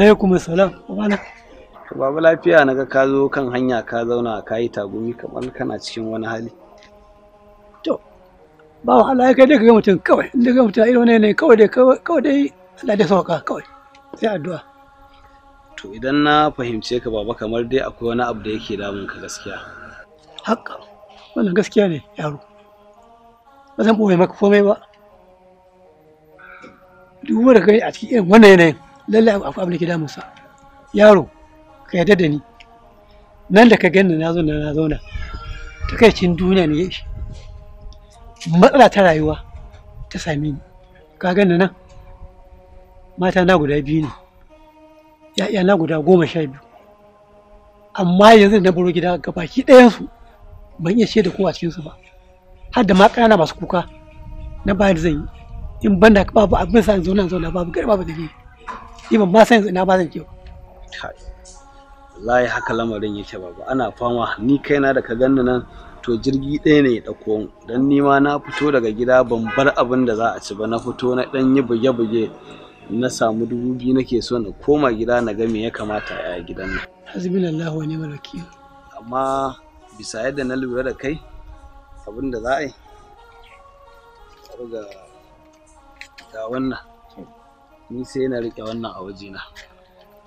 alaikum salam babu lafiya na ga ka zo kan hanya ka zauna ka yi tagumi kamar kana cikin wani hali to ba wahala ya kai daga ga mutum kawai daga ga mutum irin wani yanayi kawai dai kawai dai Allah da sauka kawai sai addu'a to idan na fahimce ka baba kamar dai akwai wani abu da yake damun ka gaskiya haka wannan gaskiya ne yaro ba zan boye maka komai ba duk wanda kai a cikin wannan yanayin lallai akwai abin da ke damunsa yaro ka yarda da ni nan da ka ganni na zo na zauna takaicin duniya ne ya matsala ta rayuwa ta same ni ka gani nan mata na guda biyu ne ya'ya na guda goma sha biyu amma yanzu na baro gida ga baki ɗayansu ban iya ce da kowa cikinsu ba har da ma ƙanana masu kuka na bayan zan yi in banda babu abin sa in zauna babu gari babu dalili ni ba ma san ina ba zan je ba wallahi haka lamarin yake ba ana fama ni kaina da ka ganni nan to jirgi ɗaya ne ya ɗauko dan ni ma na fito daga gida ban bar abin da za a ci ba na fito na ɗan yi buge-buge na samu dubu biyu nake so na koma gida na ga me ya kamata a gidan nan hasbin Allah wa ni'mal wakil amma bisa yadda na lura da kai abin da za a yi ga wannan ni sai na riƙe wannan a wajena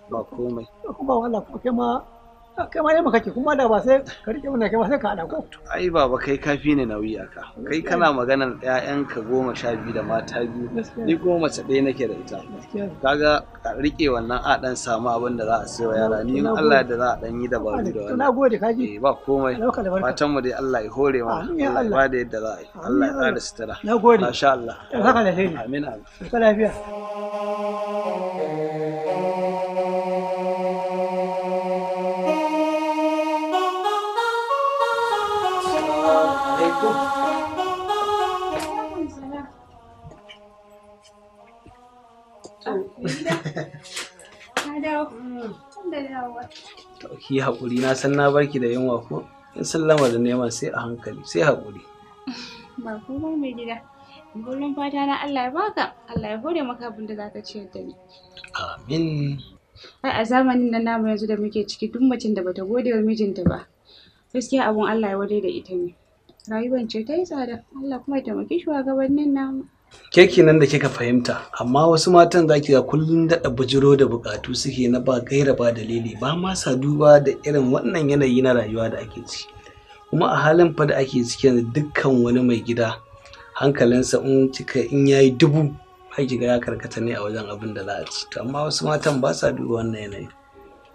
ba komai ba kuma ma kai ma yamma kake kuma da ba sai ka rike wannan kai ba sai ka hada ko ai baba kai kafi ne nauyi aka kai kana maganar ƴaƴanka goma sha biyu da mata biyu ni kuma mace ɗaya nake da ita kaga ka rike wannan a dan samu abin da za a sayo yara ni in Allah da za a dan yi dabaru da wannan na gode kaji eh, ba komai fatan mu dai Allah ya hore ma ba da yadda za a yi Allah ya tsara sutura na gode masha Allah haka da amin amin lafiya ki haƙuri na san na barki da yunwa ko in sallama da neman sai a hankali sai haƙuri ba mai gida gurin fata na Allah ya baka Allah ya hore maka abin da zaka ciyar da ni amin ai a zamanin nan namu yanzu da muke ciki duk macin da bata gode wa mijinta ba gaskiya abun Allah ya wadai da ita ne rayuwar ce ta yi tsada Allah kuma ya taimaki shugabannin namu ke kenan da kika fahimta amma wasu matan zaki ga kullum daɗa bujiro da bukatu suke na ba gaira ba dalili ba ma sa duba da irin wannan yanayi na rayuwa da ake ciki kuma a halin fa da ake ciki yanzu dukkan wani mai gida hankalinsa in cika in yayi dubu ki ga ya karkata ne a wajen abin da za a ci to amma wasu matan ba sa duba wannan yanayi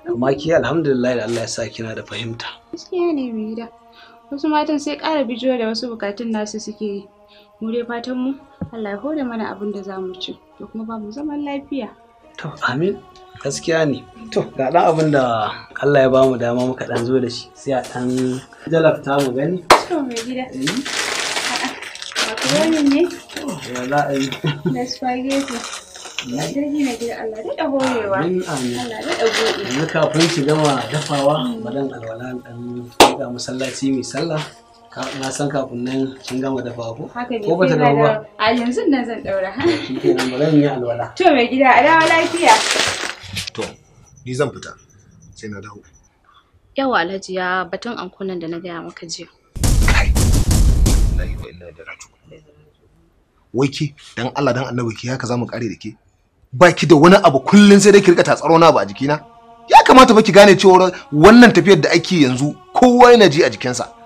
amma ke alhamdulillah da Allah ya sa kina da fahimta gaskiya ne mai gida wasu matan sai ƙara bijiyo da wasu bukatun nasu suke yi mu dai fatan mu Allah ya hore mana abin da zamu ci to kuma ba mu zaman lafiya to amin gaskiya ne to ga dan abin da Allah ya bamu dama muka dan zo da shi sai a dan jalafta mu gani to me gida makaroni eh? ne ya za a Allah da spaghetti Yanzu kafin shi gama dafawa, madan alwala ɗan ga masallaci mai sallah na san kafin nan kin gama dafa ko ko bata dafa ba a yanzu nan zan daura shikenan nan mu yi alwala to mai gida a dawo lafiya to ni zan fita sai na dawo yawa alhaji ya batun ankunan da na gaya maka jiya kai wai ke dan Allah dan annabi ke haka zamu kare da ke baki da wani abu kullun sai dai ki rika tatsaro na ba a jikina ya kamata ba ki gane cewa wannan tafiyar da ake yanzu kowa yana ji a jikinsa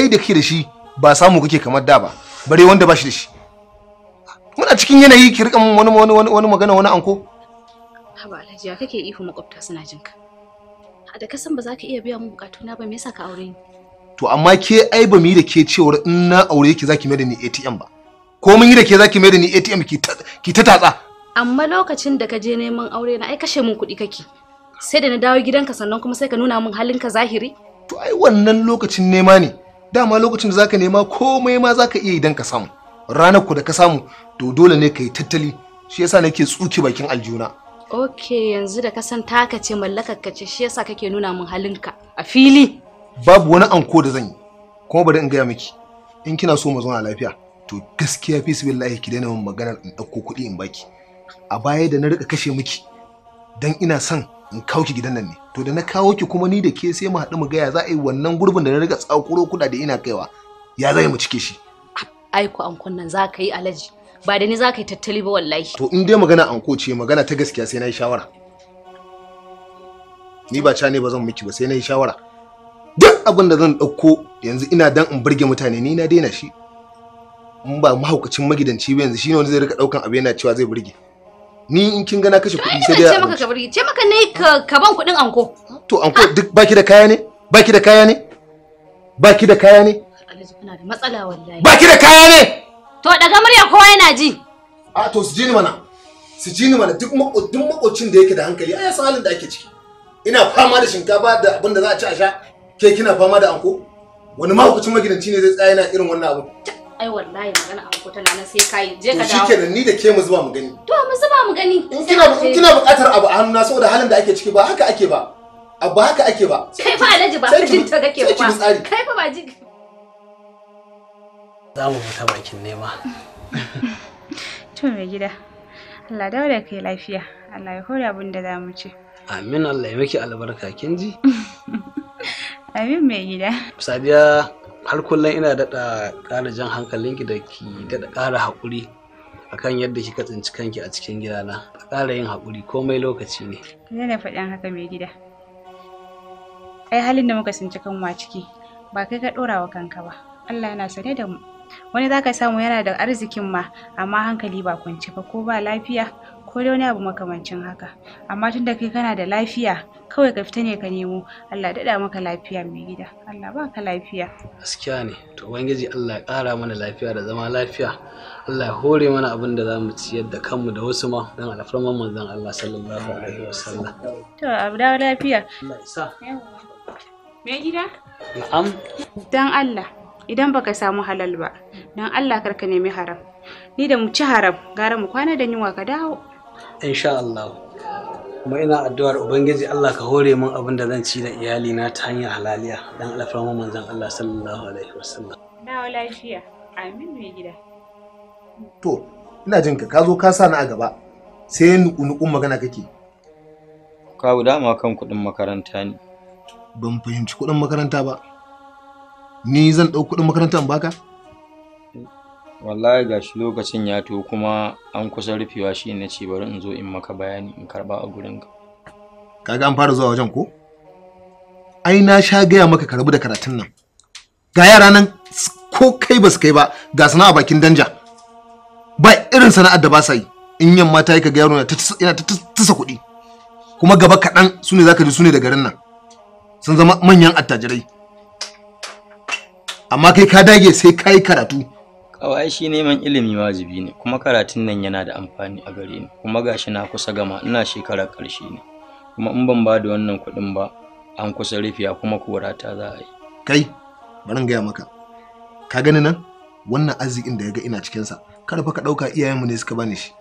kai da kake da shi ba samu kake kamar da ba bare wanda ba shi da shi muna cikin yanayi ki rika wani wani wani magana wani anko haba alhaji ya kake ihu makwabta suna jin ka da ka san ba za ka iya biya mu bukatu na ba me yasa ka aure ni to amma ke ai ba mi da ke cewar in na aure ki zaki mai da ni ATM ba ko mun yi da ke zaki mai da ni ATM ki ta ki ta tatsa amma lokacin da ka je neman aure na ai kashe mun kuɗi kake sai da na dawo gidanka sannan kuma sai ka nuna min halinka zahiri to ai wannan lokacin nema ne dama lokacin da zaka nema komai ma zaka iya idan ka samu ranar ku da ka samu to dole ne ka yi tattali shi yasa nake tsuki bakin aljuna ok yanzu da ka san taka ce mallakar ka ce shi yasa kake nuna min halinka a fili babu wani anko da zan yi kuma bari in gaya miki in kina so mu zauna lafiya to gaskiya fi su billahi ki daina min maganar in ɗauko kuɗi in baki a baya da na rika kashe miki dan ina son in kawo ki gidan nan ne to da na kawo ki kuma ni da ke sai mu haɗu mu gaya za a yi wannan gurbin da na riga tsakuro kuɗa da ina kaiwa ya zai mu cike shi aiko ankon nan za ka yi alaji ba da ni za ka yi tattali ba wallahi to in dai magana anko ce magana ta gaskiya sai na yi shawara ni ba ca ne ba zan miki ba sai na yi shawara duk abin da zan ɗauko yanzu ina dan in burge mutane ni na daina shi in ba mahaukacin magidanci ba yanzu shine wanda zai rika ɗaukan abu yana cewa zai burge ni in kin gana kashe kuɗi sai dai ce maka ce maka ne ka ban kuɗin anko to anko duk baki da kaya ne baki da kaya ne baki da kaya ne da matsala wallahi baki da kaya ne to daga murya kowa yana ji a to su ji ni mana su ji ni mana duk makocin makocin da yake da hankali ai san halin da ake ciki ina fama da shinkafa da abin da za a ci a sha ke kina fama da anko wani makocin magidanci ne zai tsaya yana irin wannan abu ai wallahi magana a hukuta na sai kai je ka dawo shikenan ni da ke mu zuba mu gani to mu zuba mu gani in kina kina buƙatar abu a hannu na saboda halin da ake ciki ba haka ake ba abu haka ake ba kai fa alaji ba jin ta kake ba kai fa ba jin za mu fita bakin nema to mai gida Allah dawo kai lafiya Allah ya hore abin da za mu ci amin Allah ya miki albarka kin ji amin mai gida sadiya har kullum ina daɗa ƙara jan hankalinki da ki daɗa ƙara haƙuri kan yadda kika tsinci kanki a cikin gidana a ƙara yin haƙuri komai lokaci ne yana faɗin haka mai gida ai halin da muka tsinci a ciki ba kai ka ɗora wa kanka ba Allah yana sane da mu wani za ka samu yana da arzikin ma amma hankali ba kwance ba ko ba lafiya ko dai wani abu makamancin haka amma tun da kai kana da lafiya kawai ka fita ne ka nemo Allah daɗa maka lafiya mai gida Allah ba ka lafiya gaskiya ne to ubangiji Allah ya ƙara mana lafiya da zama lafiya Allah ya hore mana abin da zamu ciyar da kanmu da wasu ma dan alfarman manzon Allah sallallahu alaihi wasallam to abu da lafiya mai gida na'am dan Allah idan baka samu halal ba dan Allah karka nemi haram ni da mu ci haram gara mu kwana da yunwa ka dawo insha Allah kuma ina addu'ar ubangiji Allah ka hore min abin da zan ci da iyali na ta hanyar halaliya dan alfarma manzon Allah sallallahu alaihi wasallam na lafiya amin mai gida to ina jin ka ka zo ka sa ni a gaba sai nuku nuku magana kake kawo dama kan kuɗin makaranta ne ban fahimci kuɗin makaranta ba ni zan ɗau kuɗin makaranta in baka wallahi gashi lokacin ya to kuma an kusa rufewa shi na ce bari in zo in maka bayani in karba a gurin ka kaga an fara zuwa wajen ko ai na sha gaya maka karbu da karatun nan ga yara nan ko kai ba su kai ba ga sana'a bakin danja ba irin sana'ar da ba sa yi in yamma ta yi ka ga yana ta tasa kuɗi kuma gaba kaɗan su ne za ka ji su ne da garin nan sun zama manyan attajirai amma kai ka dage sai ka yi karatu Au ai shi neman ilimi wajibi ne kuma karatun nan yana da amfani a gare ni kuma gashi na kusa gama ina shekarar ƙarshe ne kuma in ban ba da wannan kuɗin ba an kusa rufiya kuma korata za a yi. Kai bari gaya maka ka gani nan wannan arzikin da ya ga ina cikinsa kada fa ka ɗauka iyayenmu ne suka bani shi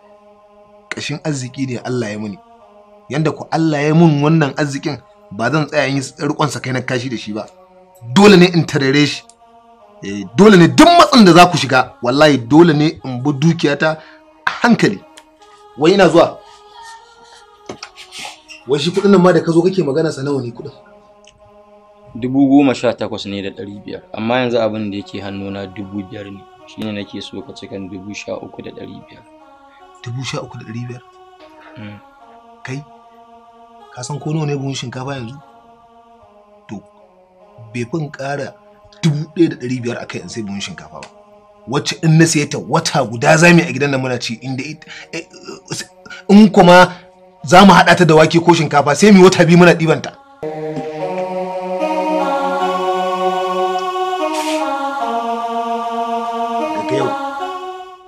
ƙashin arziki ne Allah ya muni yanda ku Allah ya mun wannan arzikin ba zan tsaya yi riƙon sa kai na kashi da shi ba dole ne in tarare shi Eh, dole ne duk matsin da za ku shiga wallahi dole ne in bi dukiyata a hankali wai ina zuwa wai shi kudin nan ma da ka zo kake magana sa nawa ne kuɗin dubu goma sha takwas ne da ɗari biyar amma yanzu abin da yake hannuna dubu biyar ne shine nake so ka cikin dubu sha uku da ɗari biyar dubu sha uku da ɗari biyar hmm. kai ka san ko nawa ne buhun shinkafa yanzu to bai fin ƙara dubu ɗaya da ɗari biyar akai in sai buhun shinkafa ba wacce in na siya ta wata guda za mu a gidan nan muna ci inda eh, eh, in kuma za mu haɗa ta da wake ko shinkafa sai mu wata biyu muna ɗibanta. Daga yau,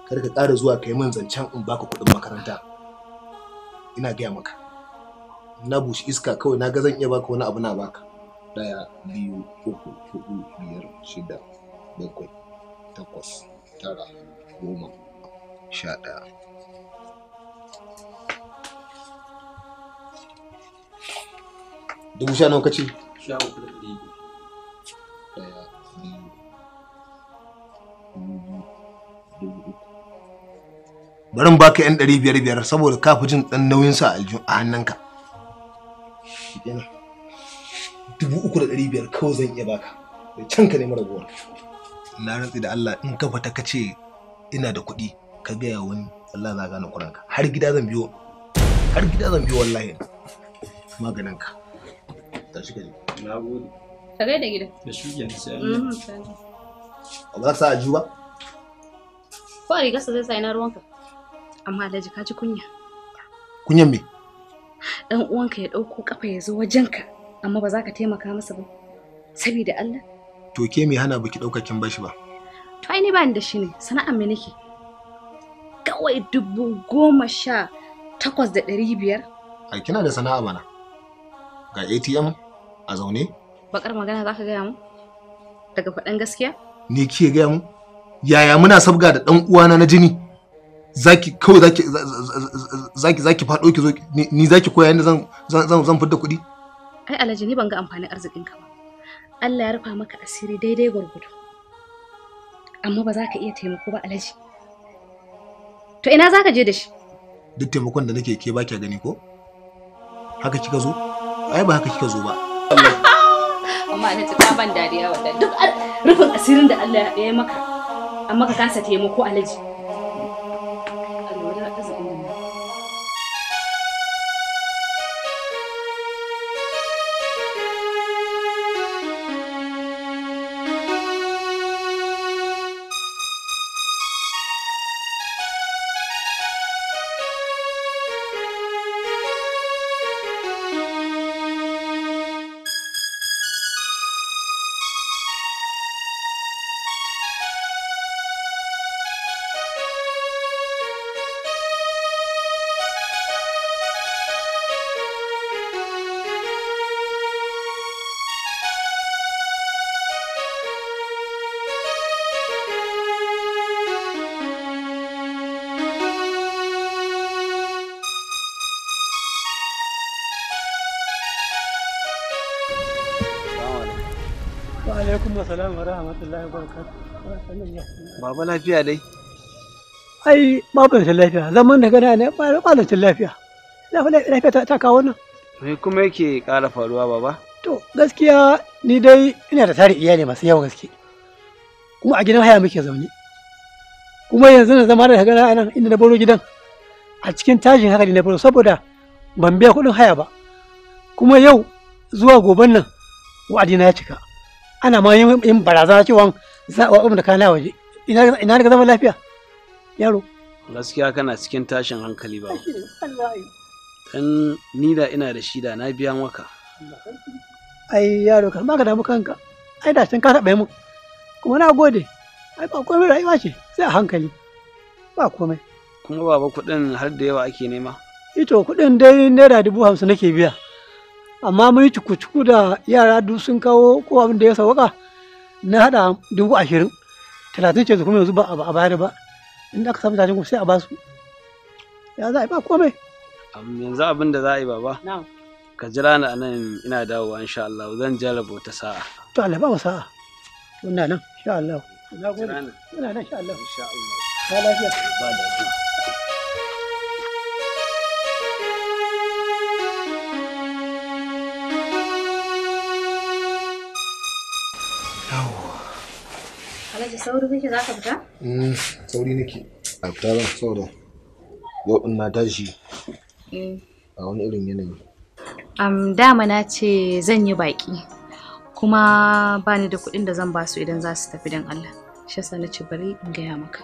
kar ka ƙara zuwa kai min zancen in baka kuɗin makaranta. Ina gaya maka. Na bushi iska kawai na ga zan iya baka wani abu na baka. ɗaya biyu uku huɗu biyar shida bakwai takwas tara goma sha ɗaya dubu sha nawa kace sha uku da ɗari ɗaya biyu barin baka yan ɗari biyar biyar saboda ka fi jin ɗan nauyinsa a hannunka. Shi dubu uku da ɗari biyar kawai zan iya baka da can ka nemi raguwar na rantsi da Allah in ka fata ka ce ina da kuɗi ka gaya wani Allah za gane kuranka har gida zan biyo har gida zan biyo wallahi maganin ka tashi ka je na gode ka gaida gida da shi ke sai Allah mm-hmm, ba sa aju ba ko a rigarsa zai sa ina ruwanka amma Alhaji ka ji kunya kunyan me dan uwanka ya dauko kafa ya zo wajenka amma ba za ka taimaka masa ba saboda Allah to ke me hana baki daukakin bashi ba to ai ni ba ni da shi ne sana'ar me nake kawai dubu goma sha takwas da ɗari biyar a kina da sana'a mana ga ATM a zaune bakar magana za ka gaya mu daga faɗan gaskiya ni ke gaya mu yaya muna sabga da ɗan uwana na jini zaki kawai zaki zaki zaki faɗo ki zo ni zaki koya yadda zan zan zan fitar kuɗi ai alhaji ni ban ga amfanin arzikin ka ba Allah ya rufa maka asiri daidai gurgudu amma ba za ka iya taimako ba alhaji to ina za ka je da shi duk taimakon da nake ke ba kya gani ko haka kika zo ai ba haka kika zo ba amma ina ta ban dariya wadda duk rufin asirin da Allah ya maka amma ka kasa taimako alhaji Baba lafiya dai. Ai babu rashin lafiya zaman da gana ne ba ba rashin lafiya. Lafiya ta kawo nan. Me kuma yake ƙara faruwa baba? To gaskiya ni dai ina da tarin iyali masu yawa gaske. Kuma a gidan haya muke zaune. Kuma yanzu na zama da gana nan inda na baro gidan. A cikin tashin hankali na baro saboda ban biya kuɗin haya ba. Kuma yau zuwa goben nan wa'adina ya cika. ana ma yin barazana cewa za a da kana waje ina daga zama lafiya yaro gaskiya kana cikin tashin hankali ba dan ni da ina da shi da na biya maka ai yaro kan ka damu kanka ai da can ka taɓa mu kuma na gode ai ba komai rayuwa ce sai a hankali ba komai kuma baba kuɗin har da yawa ake nema ito kuɗin dai naira dubu hamsin nake biya amma mun yi cuku-cuku da yara duk sun kawo ko abin da ya sauka na hada dubu ashirin talatin ce kuma yanzu ba a bayar ba inda aka samu tashin sai a ba su. ya za a yi ba kome yanzu abin da za a yi ba ba, ka jira ni anan ina dawowa insha Allah zan jarraba wata sa'a to Allah ba wa sa'a wannan nan insha Allah ina nan insha Allah insha Allah ba lafiya ba lafiya da sauri kake za ka fita? Mm, sauri nake a fita zan saboda yau in na tashi mm. a wani irin yanayi. Um, dama na ce zan yi baƙi kuma ba ni da kuɗin da zan ba su idan za su tafi don Allah. shasa na ce bari in gaya maka.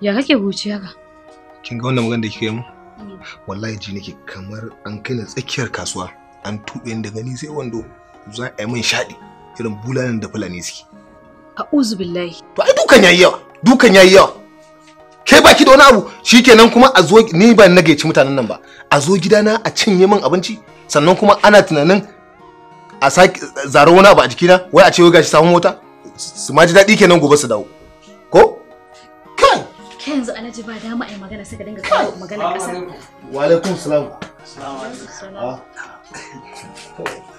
Ya kake huci haka? Kin ga wannan magana da kike mu? Mm. Wallahi ji nake kamar an kai na tsakiyar kasuwa an tuɓe daga ni sai wando. za a yi min shaɗi irin bulanin da fulani suke a'udhu billahi to ai dukan yayi yawa dukan yayi yawa kai baki da wani abu shikenan kuma a zo ni ba na ci mutanen nan ba a zo gidana a cinye min abinci sannan kuma ana tunanin a sake zaro wani abu a jikina wai a ce wai gashi samun mota su ma ji daɗi kenan gobe su dawo ko kai kai yanzu alhaji ba dama a magana sai ka dinga kawo magana ƙasa wa alaikum salam Salam alaikum ah.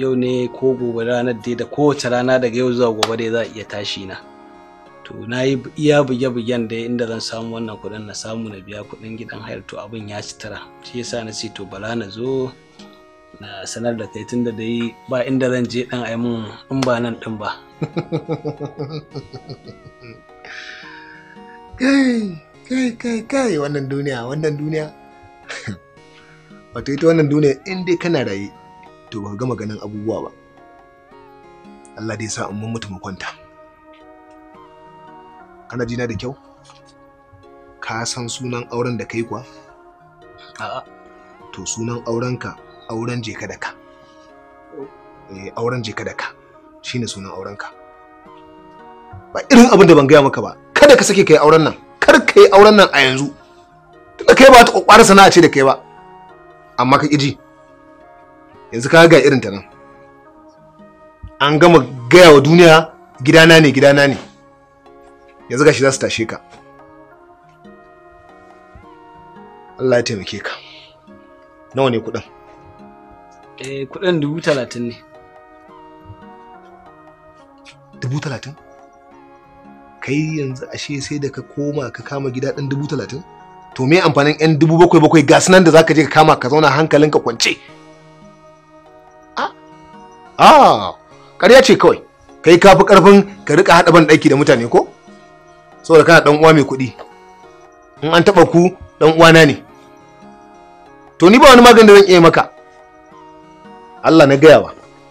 yau ne ko gobe ranar dai da kowace rana daga yau zuwa gobe dai za a iya tashi na to na yi iya buge-bugen da inda zan samu wannan kuɗin na samu na biya kuɗin gidan hayar to abin ya ci tara shi yasa na ce to bala na zo na sanar da kai tunda dai ba inda zan je ɗan ai mun in ba nan din ba kai kai kai kai wannan duniya wannan duniya wato ita wannan duniya in dai kana raye to ba gama ganin abubuwa ba Allah dai sa in mun mutu mu kwanta kana jina da kyau ka san sunan auren da kai kuwa a'a to sunan aurenka auren jeka da ka eh auren jeka da ka shine sunan aurenka ba irin abin da ban gaya maka ba kada ka sake kai auren nan kar ka yi auren nan a yanzu tunda kai ba ta kokwara sana'a ce da kai ba amma ka ƙi ji yanzu ka ga irin ta nan an gama gaya wa duniya gidana ne gidana ne yanzu gashi za su tashe ka Allah ya taimake ka nawa ne kuɗin eh kuɗin dubu talatin ne dubu talatin kai yanzu ashe sai da ka koma ka kama gida ɗin dubu talatin to me amfanin 'yan dubu bakwai bakwai gasu da zaka je ka kama ka zauna hankalinka kwance a ah, karya ce kawai kai ka fi ƙarfin ka riƙa haɗa ban ɗaki da mutane ko saboda kana ɗan uwa mai kuɗi in an taɓa ku ɗan uwana ne to ni ba wani magani da zan iya maka Allah na gaya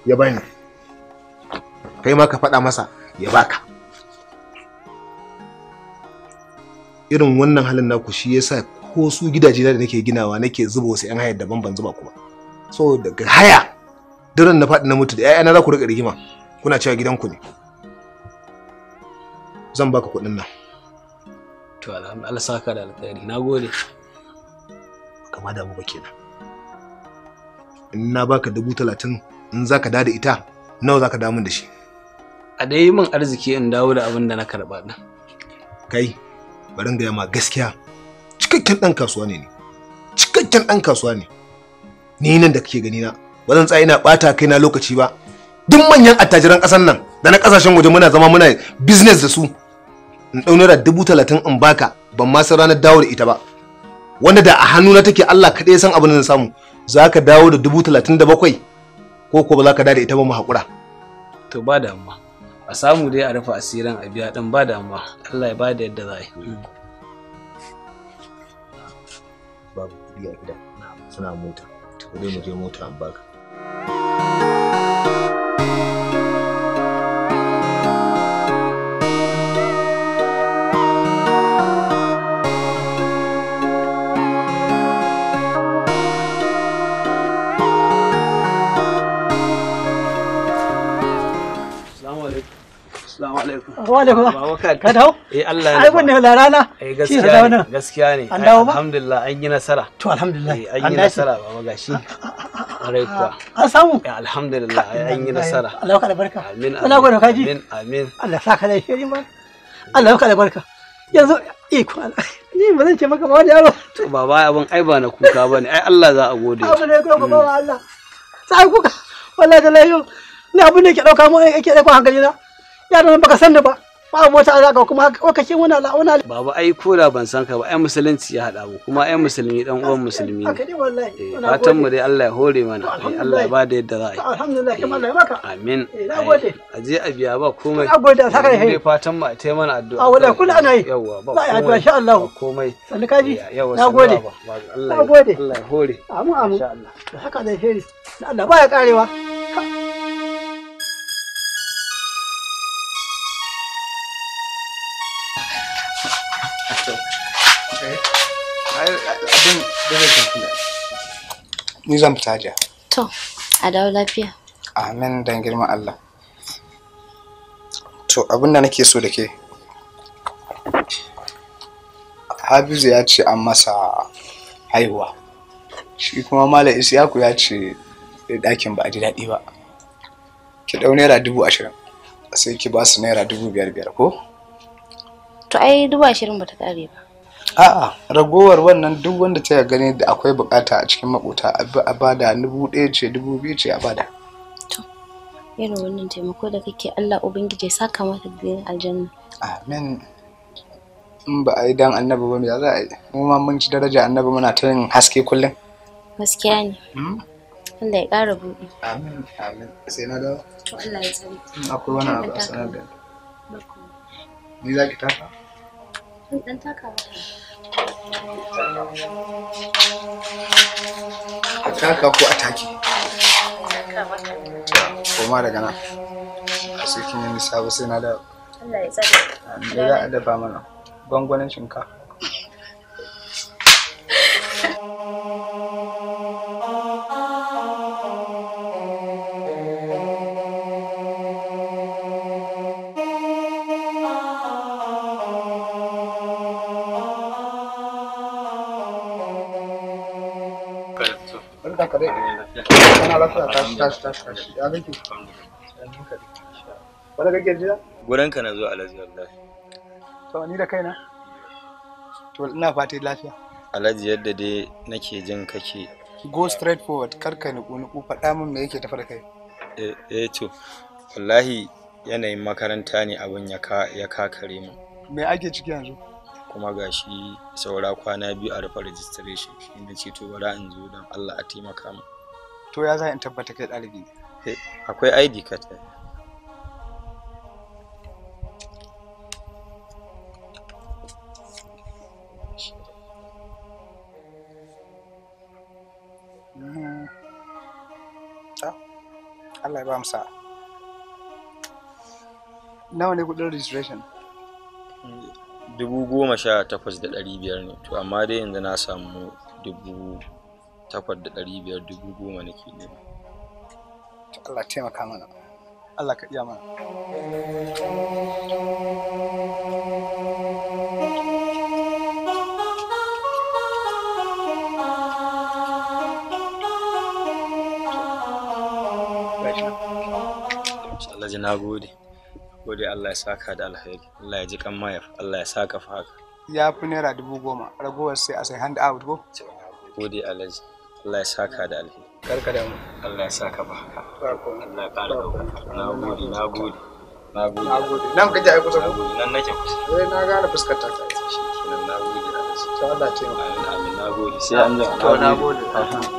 ya bani kai ma ka faɗa masa ya baka irin wannan halin naku shi yasa ko su gidaje da nake ginawa nake zuba wasu 'yan hayar daban ban zuba kuma so daga haya duran na faɗi na mutu da na za ku riƙa rigima kuna cewa gidanku ne zan baka kuɗin nan to alhamdulillah Allah saka da alkhairi nagode kama da mu ba kenan in na baka dubu talatin in za ka da ita nawa za ka damun da shi a dai min arziki in dawo da abin da na karɓa ɗin kai barin gaya ma gaskiya cikakken ɗan kasuwa ne ne cikakken ɗan kasuwa ne ni nan da kake gani na ba zan tsaya ina bata kaina lokaci ba duk manyan attajiran ƙasar nan da na ƙasashen waje muna zama muna business da su in ɗau naira dubu talatin in baka ban ma san ranar dawo da ita ba wanda da a na take Allah kaɗai san abin da samu za ka dawo da dubu talatin da bakwai ko ko ba za ka dawo da ita ba mu haƙura. to ba damuwa a samu dai a rufe asirin a biya ɗin ba damuwa Allah ya ba da yadda za a yi. Hmm. babu kuɗi a gida suna mota to dai mu je mota an baka. alaikum ka dawo eh Allah ya rana eh, gaskiya ne gaskiya ne alhamdulillah an yi nasara to alhamdulillah eh, an yi nasara baba gashi ah, ah, ah, kwarai kuwa an samu alhamdulillah an yi nasara Allah ka albarka amin Allah ka ji amin amin Allah saka da shi ma Allah ka albarka yanzu ni ba zan ce maka ba wani yaro to baba ai ba na kuka bane ai Allah za a gode abu ne ko ba hmm. Allah kuka wallahi da layo ni abin ke dauka mu ai ke dauka hankali na yaron baka san da ba ba mota za ka kuma haka ke wani ala'una baba ai da ban san ka ba ai musulunci ya haɗa mu kuma ai musulmi dan uwan musulmi ne eh, fatan mu dai Allah ya hore mana eh, Allah ya ba da yadda za a yi alhamdulillah kuma eh, Allah ya baka amin a je a biya ba komai na gode a saka yi fatan mu a tai mana addu'a a wala kullu ana yi yawa ba komai addu'a sha Allah komai sannu kaji na gode na gode Allah ya hore amin amin haka da shiri Allah ba ya karewa ni zan fita jiya. to a dawo lafiya amin dan girman Allah to abin da nake so da ke Habizu ya ce an masa haihuwa shi kuma Malam Isiyaku ya ce ɗakin ba a ji daɗi ba ki ɗau naira dubu ashirin sai ki ba su naira dubu biyar biyar ko to ai dubu ashirin ba ta ƙare ba a'a ragowar wannan duk wanda ta gani da akwai bukata a cikin makota a bada dubu ɗaya ce dubu biyu ce a bada to irin wannan taimako da kake Allah ubangiji ya saka mata da aljanna amin in ba a yi dan annabi ba me za a yi mu ma mun ci daraja annabi muna ta yin haske kullum gaskiya ne hmm? Allah ya ƙara buɗe amin amin sai na dawo to Allah ya tsare akwai wani abu a sanar da ni za ki taka dan taka ba a taka ko a take koma daga nan a cikin sabu sai na da Allah ya da za a dafa mana gwangwanin shinkafa ranka dai kana lafiya tashi tashi tashi tashi ya kake wanda kake jira gurin ka na zo alhaji wallahi to ni da kaina to ina fata lafiya alhaji yadda dai nake jin kake go straight forward kar ka nuku nuku faɗa min me yake tafa da kai eh, eh to wallahi yanayin makaranta ne abin ya kakare mu me ake ciki yanzu kuma ga shi saura kwana biyu a rufe registration shi da ce to bari in zo don Allah a taimaka mu to ya za in tabbata kai ɗalibi ne eh, akwai ID card mm-hmm. ah, Allah ya ba mu sa'a. Nawa ne kudin registration? Mm. dubu ne to amma dai yanzu na samu dubu takwas da nake nema ta Allah taimaka mana Allah ka iya mana Allah ji na gode. gode Allah ya saka da alheri Allah ya ji kan mayar. Allah ya saka fa haka ya fi naira dubu goma ragowar sai a sai hand out go. gode alhaji Allah ya saka da alheri karka da mu Allah ya saka fa haka Allah ya kara dauka na gode na gode na gode na gode nan kaje ai kusa gode nan nake kusa eh na gane fuskar ta ta shi kenan na gode da Allah ya taimaka amin na gode sai an ji to na gode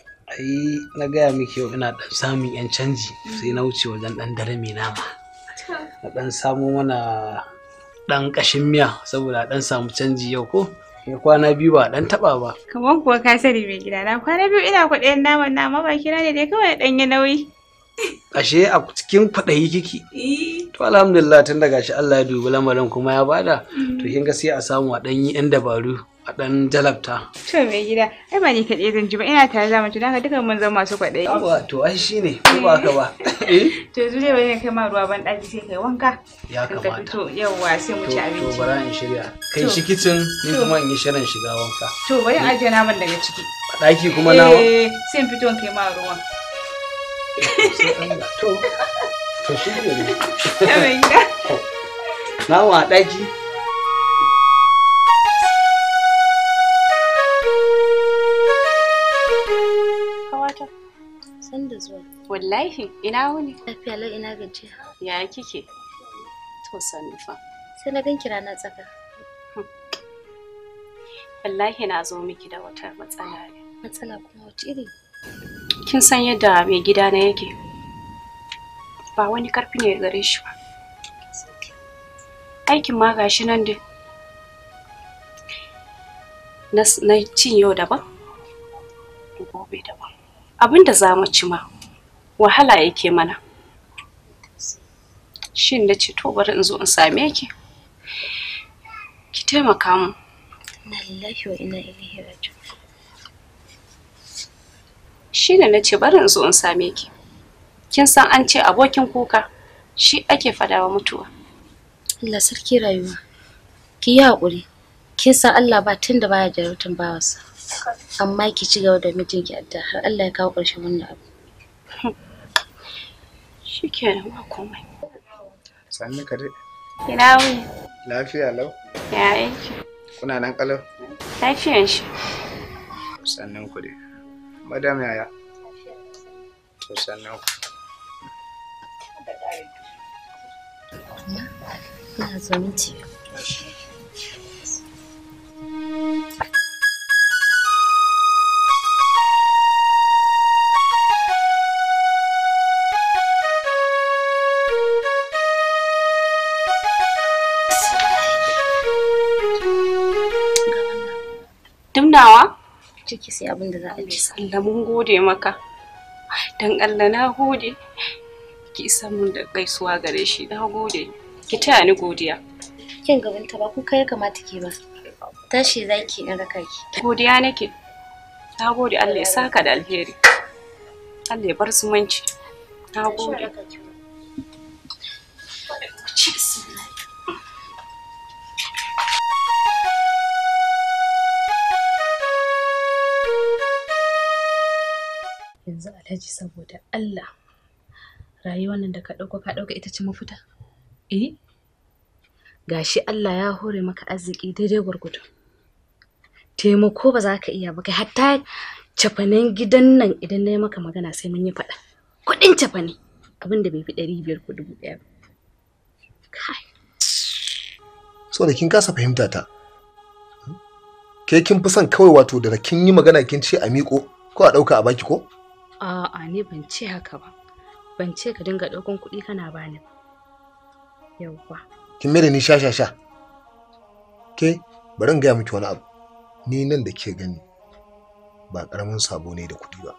ai na gaya miki yau ina dan samun yan canji sai na wuce wajen dan dare mai nama na dan samu mana dan kashin miya saboda dan samu canji yau ko ya kwana biyu ba dan taba ba kamar kuwa ka sani mai gida na kwana biyu ina kwaɗayin naman nama amma ba kira ne dai kawai dan ya nauyi ashe a cikin kwaɗayi kiki eh. to alhamdulillah tun daga shi Allah ya dubi lamarin kuma ya bada to mm. kin ga sai a samu a dan yi yan dabaru a ɗan jalabta. To mai gida, ai ba ni kaɗai zan ji ba ina tare da mace don haka duka mun zama masu kwaɗayi. Yawa to ai shi ne ko ba ka ba. Eh. Eh? To yanzu dai ne kai ma ruwa ban ɗaki sai kai wanka. Ya kamata. To yawa sai mu ci abinci. To bara in shirya. Kai shi kicin ni kuma in yi shirin shiga wanka. To bari in eh? ajiye naman daga ciki. A ɗaki kuma nawa. Eh sai in fito in kai ma ruwan. To to shi ne. Ta mai gida. Nawa ɗaki. Abdullahi, ina wuni? Lafiya lau ina gajiya. Ya kike? To sani fa. Sai na gan kira na tsaka. Wallahi na zo miki da wata matsala ne. Matsala kuma wace iri? Kin san yadda mai gida na yake. Ba wani karfi ne gare shi ba. Aikin ma gashi nan dai. Na cin yau daban, gobe daban. Abin za mu ci ma wahala yake mana shin na ce to bari in zo in same ki ki taimaka mu lallahi wa inna ilaihi raji'un shine na ce bari in zo in same ki kin san an ce abokin kuka shi ake fadawa mutuwa Allah sarki rayuwa ki yi haƙuri kin san Allah ba tun da baya jarabtan bawarsa amma ki ci gaba da mijinki adda har Allah ya kawo ƙarshen wannan abu Shi kenan ba komai. Sannu ka dai. Ina wuni. Lafiya lau. Ya aiki. Kuna nan kalau? Lafiyan shi. Sannan ku dai. Madam yaya? To sannan ku. Ina zaune ce. Thank you. nunawa ciki sai abin da za a bisa Allah mun gode maka dan Allah na gode ki isa mun da gaisuwa gare shi na gode ki taya ni godiya kin gabanta ba ku kai kamata ke ba tashi zaki in raka ki godiya nake na gode Allah ya saka da alheri Allah ya bar zumunci na gode ji saboda Allah rayuwar nan da ka ɗauka ka ɗauka ita ce mafita eh gashi Allah ya hore maka arziki daidai gwargwado taimako ba za ka iya ba kai hatta cafanen gidan nan idan na yi maka magana sai mun yi faɗa kuɗin cafane abin da bai fi ɗari biyar ko dubu ɗaya ba kai da kin kasa fahimta ta ke kin fi son kawai wato da kin yi magana kin ce a miƙo ko a ɗauka a baki ko a'a ni ban ce haka ba ban ce ka dinga ɗaukan kuɗi kana bani ba yauwa kin mere ni sha sha sha ke bari in gaya miki wani abu ni nan da ke gani ba ƙaramin sabo ne da kuɗi ba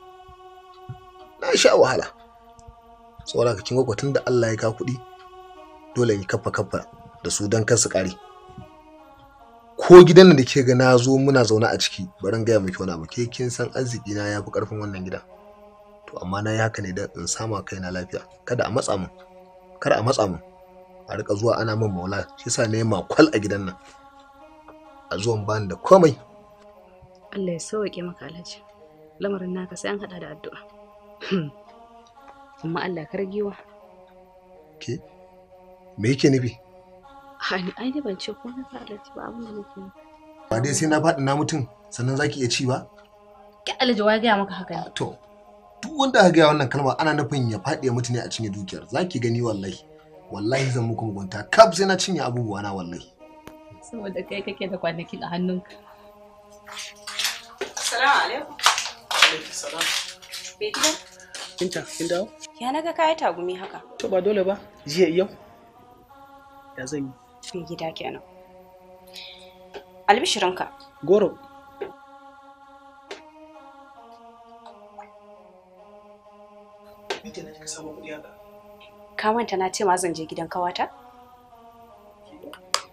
na sha wahala saboda ka kingo tun da Allah ya ka kuɗi dole in kafa kafa da su don kansu ƙari ko gidan da ke ga nazo zo muna zaune a ciki bari in gaya miki wani abu ke kin san arziki na yafi ƙarfin wannan gidan to amma na yi haka ne don in sama kaina lafiya kada a matsa min kar a matsa min a rika zuwa ana min maula shi yasa ne ma makwal a gidan nan a zuwan bani da komai Allah ya sauke maka alhaji lamarin naka sai an hada da addu'a hmm. amma Allah kar giwa ke me yake nufi ai ai ban ce ko na alhaji ba abin da nake ba dai sai na faɗi na mutum sannan zaki iya ci ba ki alhaji wa ga maka haka to duk wanda ka gaya wannan kalmar ana nufin ya faɗi ya mutu ne a cinye dukiyar za ki gani wallahi wallahi zan muku mugunta kaf sai na cinye abubuwa na wallahi saboda kai kake da kwanaki a hannunka assalamu alaikum alaikum salam bai gida kinta kin dawo ya naga kayi tagumi haka to ba dole ba jiya yau ya zan yi bai gida kenan albishirinka goro ka samu haka? Ka manta na ce ma zan je gidan kawata?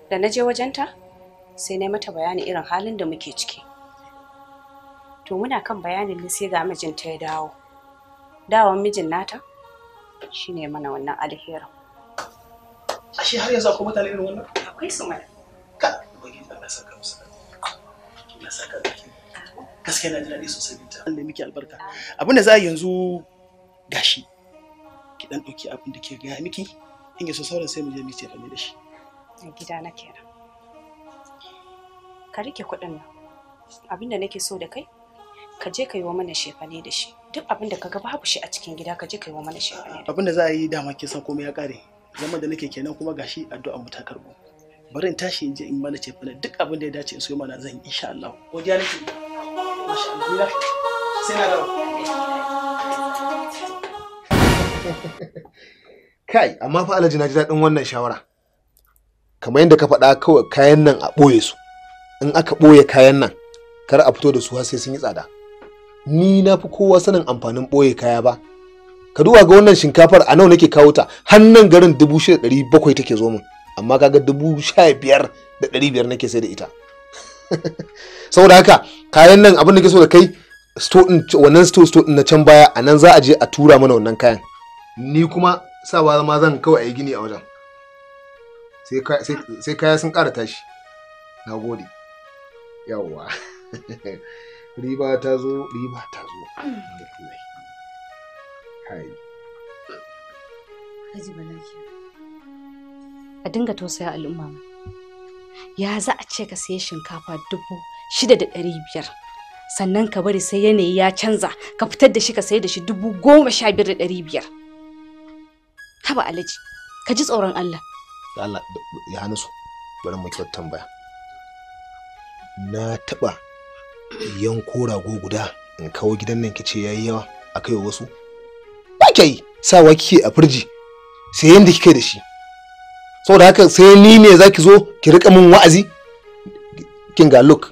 Da na je wajenta sai na mata bayani irin halin da muke ciki. To muna kan bayanin ne sai ga mijinta ya dawo. Dawon mijin nata shine mana wannan alheri. Ashe har yanzu akwai mutane irin wannan? Akwai su mana. Ka, da Allah saka musu. Na saka da gaskiya na jira ne sosai da Allah miki albarka. Abin da za a yanzu gashi dan ɗauki abin da ke gaya miki in yi so sauran sai mu je mu tafi da shi a gida na kera ka rike kuɗin nan abin da nake so da kai ka je ka yi wa mana shefane da shi duk abin da kaga babu shi a cikin gida ka je ka yi wa mana shefane abin da za a yi dama ke san komai ya kare zama da nake kenan kuma gashi addu'a mu ta karbo bari in tashi in je in mana shefane duk abin da ya dace in so mana zan insha Allah godiya nake masha Allah sai na dawo kai amma fa alhaji na ji wannan shawara kamar yadda ka faɗa kawai kayan nan a ɓoye su in aka ɓoye kayan nan kar a fito da su har sai sun yi tsada ni na fi kowa sanin amfanin ɓoye kaya ba ka duba ga wannan shinkafar a nawa nake kawo ta hannun garin dubu shida ɗari bakwai take zo min amma kaga dubu sha biyar da ɗari biyar nake sai da ita saboda haka kayan nan abin da ke so da kai wannan sto sto na can baya a nan za a je a tura mana wannan kayan ni kuma sawa zama zan kawai a yi gini a wajen sai kaya sun ƙara tashi na gode yawwa riba ta zo riba ta zo a dinga tosaya al'umma ya za a ce ka sayi shinkafa dubu shida da ɗari biyar sannan ka bari sai yanayi ya canza ka fitar da shi ka sayar da shi dubu goma sha biyar da ɗari biyar taba alaji ka ji tsoron Allah Allah ya hana su bari mu tambaya na taba yanko rago guda in kawo gidan nan kice yayi yawa akai wasu ba kai sawa kike a firji sai yanda kike da shi saboda haka sai ni ne zaki zo ki rika min wa'azi kin ga look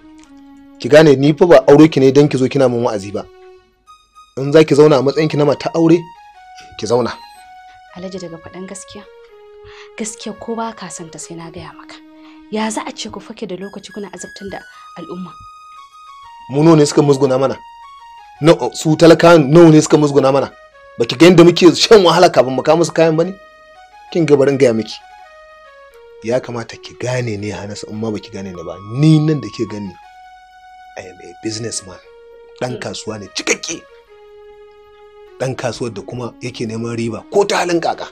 ki gane ni fa ba aure ki ne dan ki zo kina min wa'azi ba in zaki zauna a matsayin ki na mata aure ki zauna Alhaji daga faɗan gaskiya. Gaskiya ko ba ka santa sai na gaya maka. Ya za a ce ku fake da lokaci kuna azabtar da al'umma? Muno ne suka musguna mana. su talakan nawa ne suka musguna mana. Baki ga da muke shan wahala kafin mu kawo musu kayan bane? Kin ga barin gaya miki. Ya kamata ki gane ne Hanasu in ma baki gane ne ba. Ni nan da ke gani. I am a businessman. Dan hmm. kasuwa ne cikakke. ɗan kasuwar da kuma yake neman riba ko ta halin kaka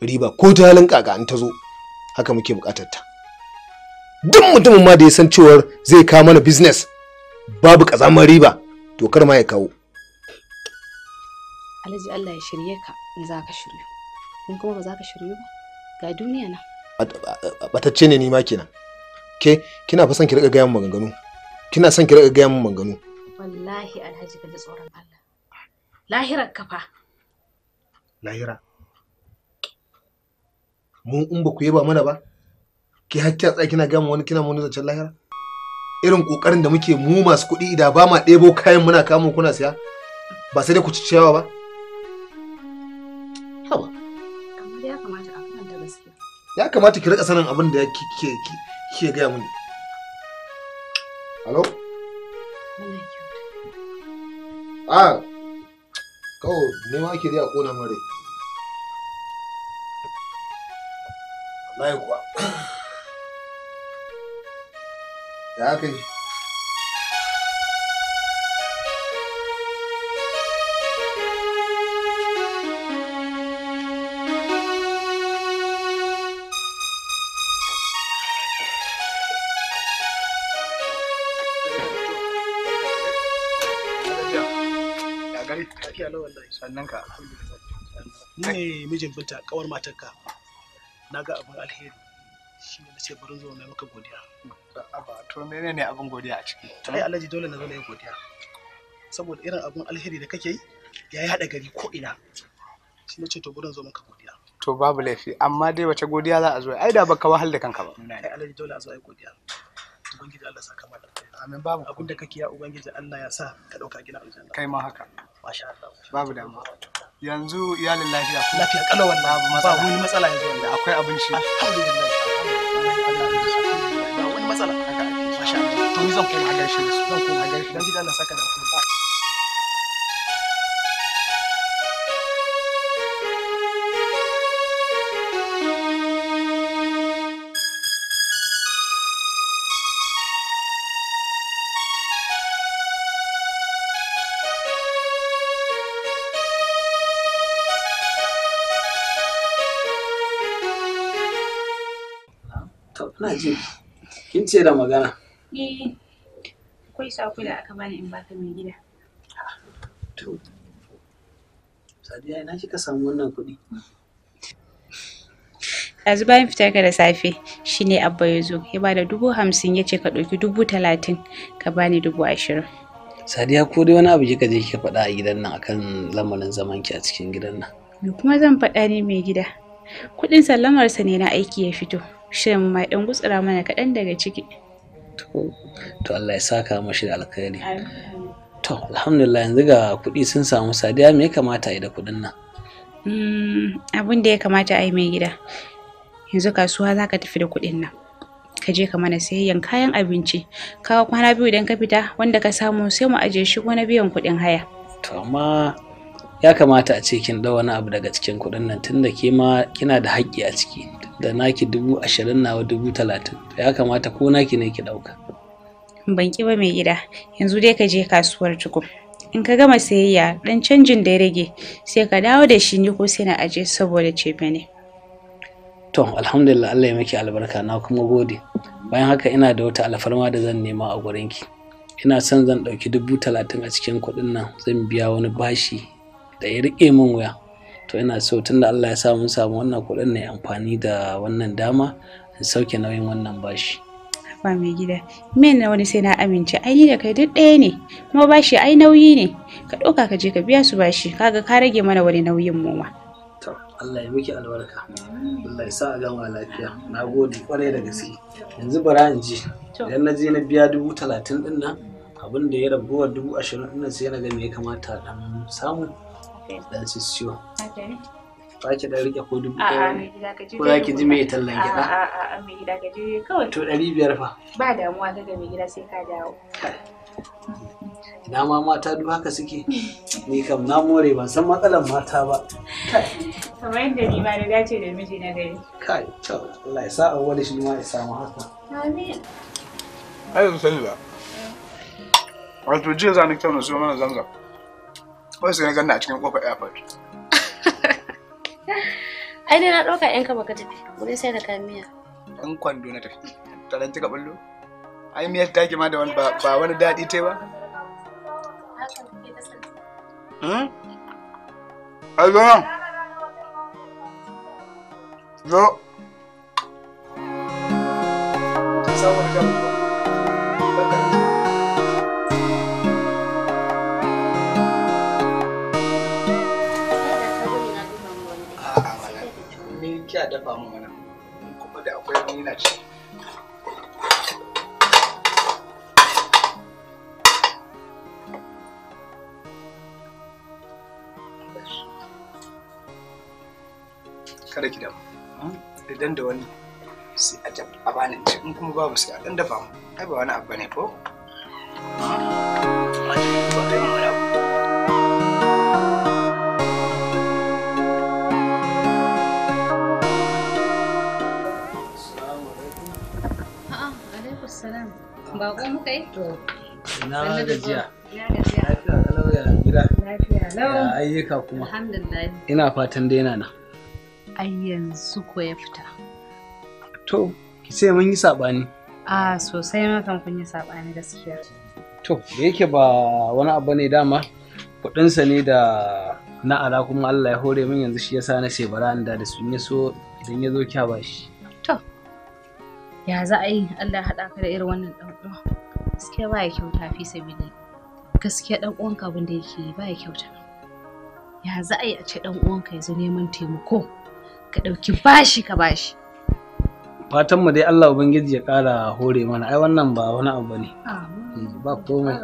riba ko ta halin kaka an ta zo haka muke buƙatar ta duk mutumin ma da ya san cewar zai kawo mana business babu ƙazamar riba to kar ma ya kawo alhaji Allah ya shirye ka in za ka shirye in kuma ba za ka shirye ba ga duniya na. batacce ne ni ma kenan ke kina fa son ki riga gaya min maganganu kina son ki riga gaya maganganu wallahi alhaji ka ji tsoron Allah lahirar ka lahira mun in ba ku yaba mana ba ki hakki tsaya kina gama wani kina mun zancen lahira irin kokarin da muke mu masu kuɗi idan ba ma ɗebo kayan muna kamun kuna siya ba sai dai ku ci ciyawa ba haba ya kamata a ki rika sanin abin da kike kike gaya mini Hello? Ah, kawai nema ke dai a kona mare wallahi kuwa da haka sunanka ni ne mijin binta kawar matarka na ga abin alheri shi ne maka godiya abin godiya a ciki to ai dole na zo na yi godiya saboda irin abin alheri da kake yi ya yi haɗa gari ko ina shi to zo maka godiya to babu laifi amma dai wace godiya za a zo ai da baka wahal da kanka ba ai dole a zo godiya ubangiji Allah amin babu abin da kake ya ubangiji Allah ya sa ka ɗauka gina aljanna kai ma haka babu damuwa yanzu iyalin lafiya lafiya kalau wannan babu matsala wani matsala yanzu wanda akwai abinci alhamdulillah ba wani matsala haka masha Allah to zan koma a gaishe su zan koma gaishe dan gidan na saka da kuma kin ce da magana eh, akwai sako da aka bani in baka mai gida to sadiya ina kika samu wannan kuɗi yanzu bayan fitar ka da safe shine abba ya zo ya bada dubu hamsin ya ce ka ɗauki dubu talatin ka bani dubu ashirin sadiya ko dai wani abu kika je kika faɗa a gidan nan akan lamarin zaman ki a cikin gidan nan me kuma zan faɗa ne mai gida kuɗin sallamarsa ne na aiki ya fito sai mu mai gutsura mana kaɗan daga ciki to Allah ya saka mashi da alkhairi to alhamdulillah yanzu ga kuɗi sun samu sadiya me ya kamata a yi da kuɗin nan mm, abin da ya kamata a yi mai gida yanzu kasuwa za ka tafi da kuɗin nan ka je ka mana sayayyan kayan abinci kawo kwana biyu idan ka fita wanda ka samu sai mu ajiye shi ko na biyan kuɗin haya to amma ya kamata a ce kin ɗau wani abu daga cikin kuɗin nan tunda ke ma kina da haƙƙi a ciki da naki dubu ashirin nawa dubu talatin ya kamata ko naki ne ki ɗauka. ban ƙi ba mai gida yanzu dai ka je kasuwar cuku in ka gama sayayya ɗan canjin da ya rage sai ka dawo da shi ni ko sai na aje saboda cefe ne. to alhamdulillah Allah ya miki albarka na kuma gode bayan haka ina da wata alfarma da zan nema a ki, ina son zan ɗauki dubu talatin a cikin kuɗin nan zan biya wani bashi da ya riƙe min wuya to ina so tun da Allah ya sa mun samu wannan kuɗin na amfani da wannan dama in sauke nauyin wannan bashi ba mai gida min na wani sai na amince ai ni da kai duk ɗaya ne kuma bashi ai nauyi ne ka ɗauka ka je ka biya su bashi kaga ka rage mana wani nauyin mu ma Allah ya miki albarka Allah ya sa a gama lafiya na gode kwarai da gaske yanzu bara in ji idan na je na biya dubu talatin din nan abin da ya rabuwa dubu ashirin din sai na ga me ya kamata dan samu dan sissiyo ba ki dan rike ko dubu ɗaya ko za ki ji mai tallan gida a'a mai gida ka je kawai to ɗari biyar fa ba damuwa kaga mai gida sai ka dawo ina ma mata duk haka suke ni kam na more ban san matsalan mata ba kamar yadda ni ma na dace da miji na gari kai to Allah ya sa awwali shi ma ya samu haka amin ai sani ba wato jiya za ni kyau na siyo mana zamzam Wai sai na ganna cikin kofar airport. Ai ne na ɗauka ƴanka baka tafi, wani sai da kamiya. yan kwando na tafi. Talan kika ɓullo? Ai miyar take ma da wani ba wani daɗi ta yi ba. Hmm? Ai zo nan. Zo. Sauwar jami'a. a dafa min kuma da akwai wani na ci kada ki damu hmm? da a bani kuma babu sai a dan dafa mu ai ba wani abu ne ko Ba ko muka To. Ina gajiya. Lafiya ya gida. Lafiya lau. Ya ayyuka kuma. Alhamdulillah. Ina fatan daina na. Ai yanzu ko ya fita. To, ki mun yi saɓani. A sosai ma kan kun yi gaskiya. To, da yake ba wani abu ne dama kuɗinsa ne da na ara kuma Allah ya hore min yanzu shi yasa na sai bara da su in so idan ya zo kya ba shi. ya za a yi Allah ya haɗa ka da irin wannan ɗan uwa gaskiya ba ya kyauta fi sabili gaskiya ɗan uwanka abin da yake yi ba ya kyauta ya za a yi a ce ɗan uwanka ya zo neman taimako ka ɗauki bashi ka bashi fatan mu dai Allah ubangiji ya ƙara hore mana ai wannan ba wani abu ne ba komai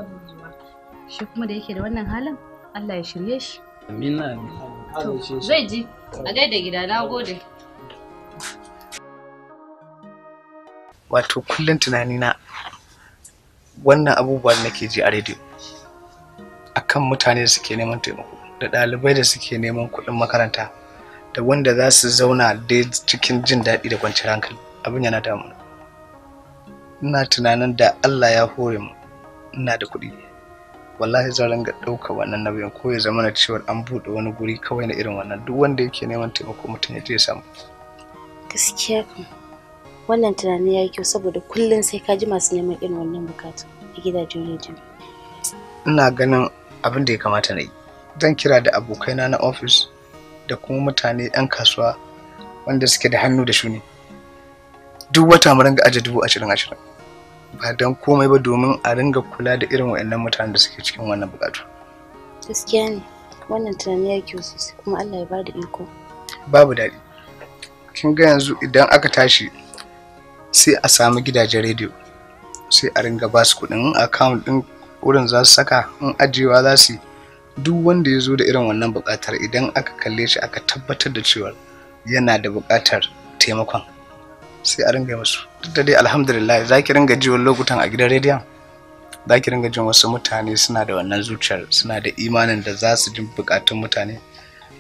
shi kuma da yake da wannan halin Allah ya shirye shi amin amin zai ji a gaida gida na gode wato kullum tunanina wannan abubuwan da nake ji a rediyo akan mutane da suke neman taimako da ɗalibai da suke neman kuɗin makaranta da wanda za su zauna dai cikin jin daɗi da kwanciyar hankali abin yana damu ina tunanin da Allah ya hore mu ina da kuɗi wallahi zan ranga ɗauka wannan nauyin ko ya zama na cewa an buɗe wani guri kawai na irin wannan duk wanda yake neman taimako mutum ya je samu gaskiya wannan tunanin ya yi kyau saboda kullum sai ka ji masu neman irin wannan bukatu a gidajen rediyo ina ganin abin da ya kamata na yi zan kira da abokaina na ofis da kuma mutane 'yan kasuwa wanda suke da hannu da shuni duk wata mu ringa aje dubu ashirin ashirin ba don komai ba domin a ringa kula da irin wa'annan mutanen da suke cikin wannan bukatu gaskiya ne wannan tunani ya kyau sosai kuma allah ya ba da iko babu daɗi kin ga yanzu idan aka tashi sai a samu gidajen rediyo sai a ringa ba su kuɗin account ɗin wurin za su saka in ajiyewa za su duk wanda ya zo da irin wannan buƙatar idan aka kalle shi aka tabbatar da cewa yana da buƙatar taimakon sai a ringa masu duk da dai alhamdulillah za ki ringa jiwon lokutan a gidan rediyon za ki ringa jin wasu mutane suna da wannan zuciyar suna da imanin da za su ji buƙatun mutane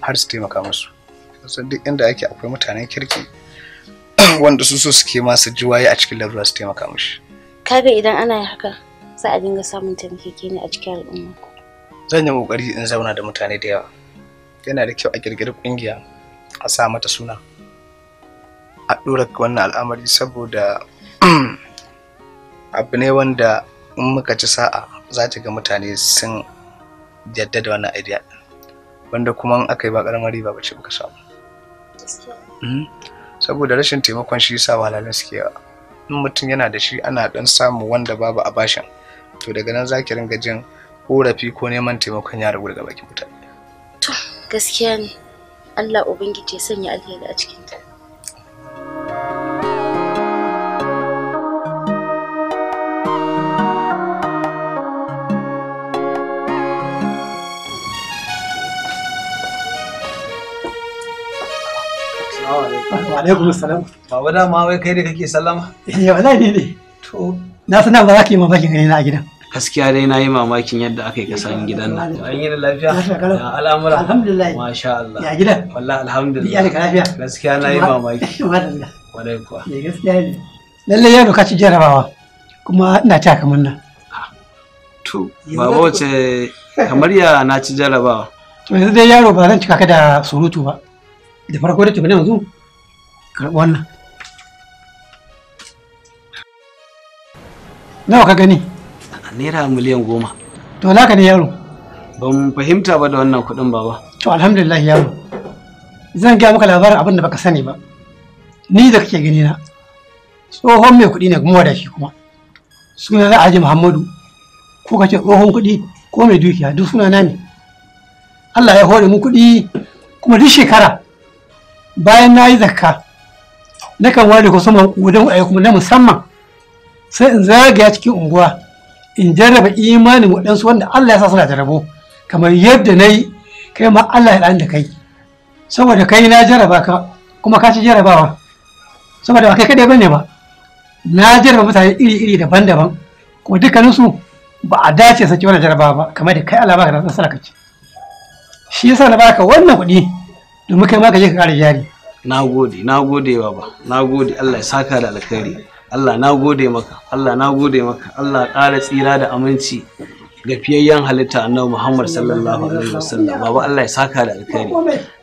har su taimaka musu duk inda ake akwai mutanen kirki wanda su so suke masu juwaye a cikin larura su taimaka mushi kaga idan ana yi haka za a dinga samun ne a cikin al'umma zan yi kokari in zauna da mutane da yawa yana da kyau a kirkiri kungiya a sa mata suna a ɗora wannan al'amari saboda abu ne wanda in muka ci sa'a za ta ga mutane sun yadda da wannan idea wanda kuma in aka yi ba ƙaramar riba ba ce muka samu saboda rashin taimakon shi yasa wahalhalun suke yawa in mutum yana da shi ana dan samu wanda babu a bashin to daga nan zaki ringa jin korafi ko neman taimakon ya ragu daga bakin mutane to gaskiya ne Allah ubangiji ya sanya alheri a cikin ta Wa alaikum salam. Baba dama wai kai ne kake sallama? Eh wallahi ne. To na sana ba za ka yi mamakin gani na a gidan. gaskiya dai na yi mamakin yadda aka yi kasan gidan nan an yi da lafiya ya al'amura alhamdulillah masha Allah ya gidan wallahi alhamdulillah ya lafiya gaskiya na yi mamaki wadai kuwa eh, gaskiya ne lalle yaro ka ci jarabawa kuma ina ta kamar nan ah, to baba wace kamar ya na ci jarabawa to yanzu dai yaro ba zan cika ka da surutu ba da farko da tukunan yanzu karɓi wannan nawa ka gani naira miliyan goma to naka ne yaro ban fahimta ba da wannan kuɗin ba. to alhamdulillah yaro zan gaya maka labarin abin da baka sani ba ni da kake gani na tsohon mai kuɗi ne kuma wadashi kuma suna za a ji muhammadu ko kace tsohon kuɗi ko mai dukiya duk suna na ne Allah ya hore mu kuɗi kuma duk shekara bayan na yi zakka kan ware kusa maƙudan ayi kuma na musamman sai in zagaya cikin unguwa in jarraba imanin waɗansu wanda Allah ya sa suna jarabo kamar yadda na yi kai ma Allah ya da kai saboda kai na jarraba ka kuma ka ci jarrabawa saboda ba kai kadai bane ba na jarraba mutane iri-iri daban-daban kuma dukkaninsu ba a dace saki wani jarraba ba kamar da kai Allah baka da ka ci. shi yasa na baka wannan kuɗi domin kai ma ka je ka ƙara jari na gode na gode baba na gode Allah ya saka da alkhairi Allah na gode maka Allah na gode maka Allah ƙara tsira da aminci ga fiyayyen halitta annabi Muhammad sallallahu alaihi wasallam baba Allah ya saka da alkhairi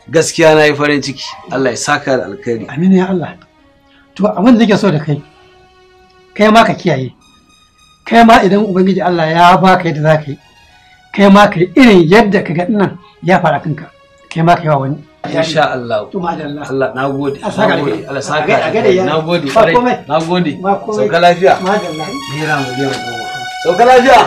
gaskiya na yi farin ciki Allah ya saka da alkhairi amin ya Allah to abin da nake so da kai kai ma ka kiyaye kai ma idan ubangiji Allah ya baka yadda zaka yi kai ma ka irin yadda ka ga ya fara kanka kai ma ka yi wa wani insha Allah to madalla Allah nagode nagode Allah saka nagode nagode sauka lafiya madalla hira mu je mu sauka lafiya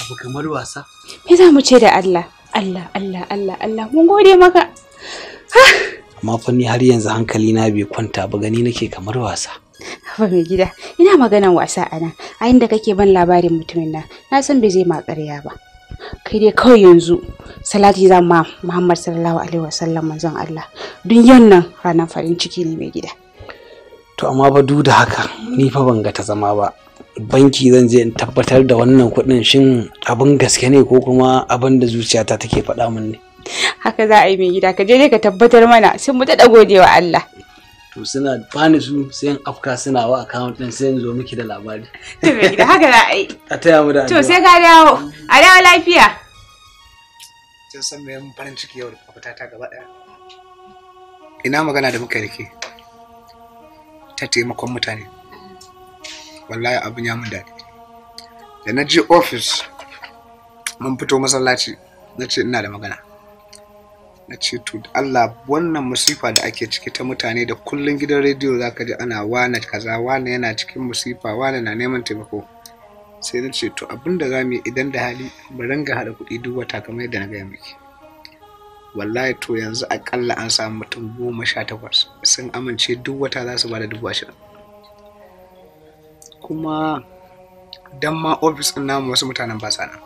abu kamar wasa me za mu ce da Allah Allah Allah Allah Allah mun gode maka amma fa har yanzu hankali na bai kwanta ba gani nake kamar wasa Haba mai gida, ina maganan wasa a nan, a inda kake ban labarin mutumin nan, na san bai zai ma ba. Kai dai kawai yanzu, salati za ma Muhammad sallallahu alaihi wasallam manzon Allah. Dunyan nan ranar farin ciki ne mai gida. To amma ba duk da haka, ni fa ban ga ta zama ba. Banki zan je in tabbatar da wannan kuɗin shin abin gaske ne ko kuma abin da zuciyata take faɗa min ne. Haka za a yi mai gida, ka je ka tabbatar mana, sai mu daɗa wa Allah. to suna bani su sai in afka suna wa account din sai in zo miki da labari to me gida haka da ai a taya mu da to sai ka dawo a dawo lafiya kin san me mun farin ciki yau da fita ta gaba daya ina magana da muka rike ta taimakon mutane wallahi abin ya mun daɗi da na je office mun fito masallaci na ce ina da magana na ce to Allah wannan musifa da ake ciki ta mutane da kullum gidan rediyo za ka ji ana wane kaza wane yana cikin musifa wane na neman taimako sai na ce to abin da za mu yi idan da hali ba ga haɗa kuɗi duk wata kamar yadda na gaya miki wallahi to yanzu akalla an samu mutum goma sha takwas sun amince duk wata za su ba da dubu ashirin kuma dan ma ofis ɗin namu wasu mutanen ba sa nan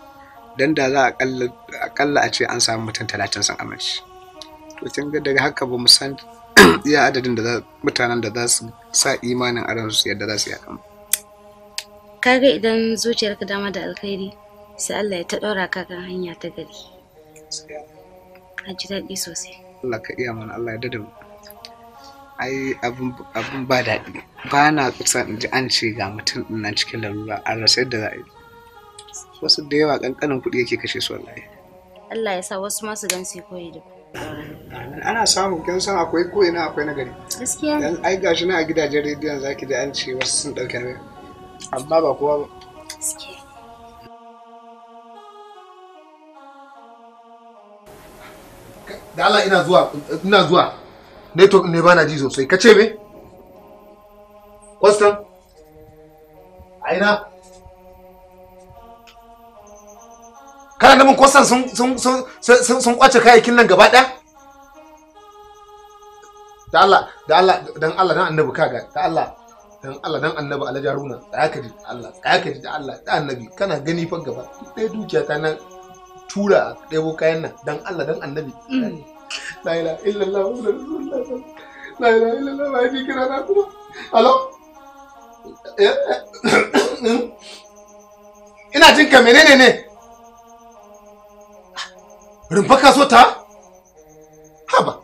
don da za a ƙalla a ce an samu mutum talatin sun amince to kin ga daga haka ba mu san iya adadin da mutanen da za su sa imanin aran su yadda za su yi hakan kaga idan zuciyarka dama da alkhairi sai Allah ya ta ɗora ka kan hanya ta gari a ji daɗi sosai Allah ka iya mana Allah ya dada mu ai abin ba daɗi ba na kusa in ji an ce ga mutum nan cikin larura an rasa yadda za a yi wasu da yawa ƙanƙanin kuɗi yake kashe su wallahi Allah ya sa wasu masu gan su koyi da ku ana samun kin san akwai ko ina akwai nagari gaskiya dan ai gashi na a gidajen rediyon zaki da an ce wasu sun dauke ne amma ba kowa ba da Allah ina zuwa ina zuwa network ne bana ji sosai kace me Kwastan? aina. kana ganin mun kosan sun sun sun sun kwace kayayyakin nan gaba daya da Allah da Allah dan Allah dan annabi kaga da Allah dan Allah dan annabi Alhaji Haruna tsaya ka ji Allah tsaya ka ji da Allah da annabi kana gani fa gaba ɗaya dukiya ta nan tura ɗebo kayan nan dan Allah dan annabi mm. la ilaha illallah wa la ilaha illallah wa ji kira na kuma alo eh, eh, ina jin ka menene ne rumfa ka so ta haba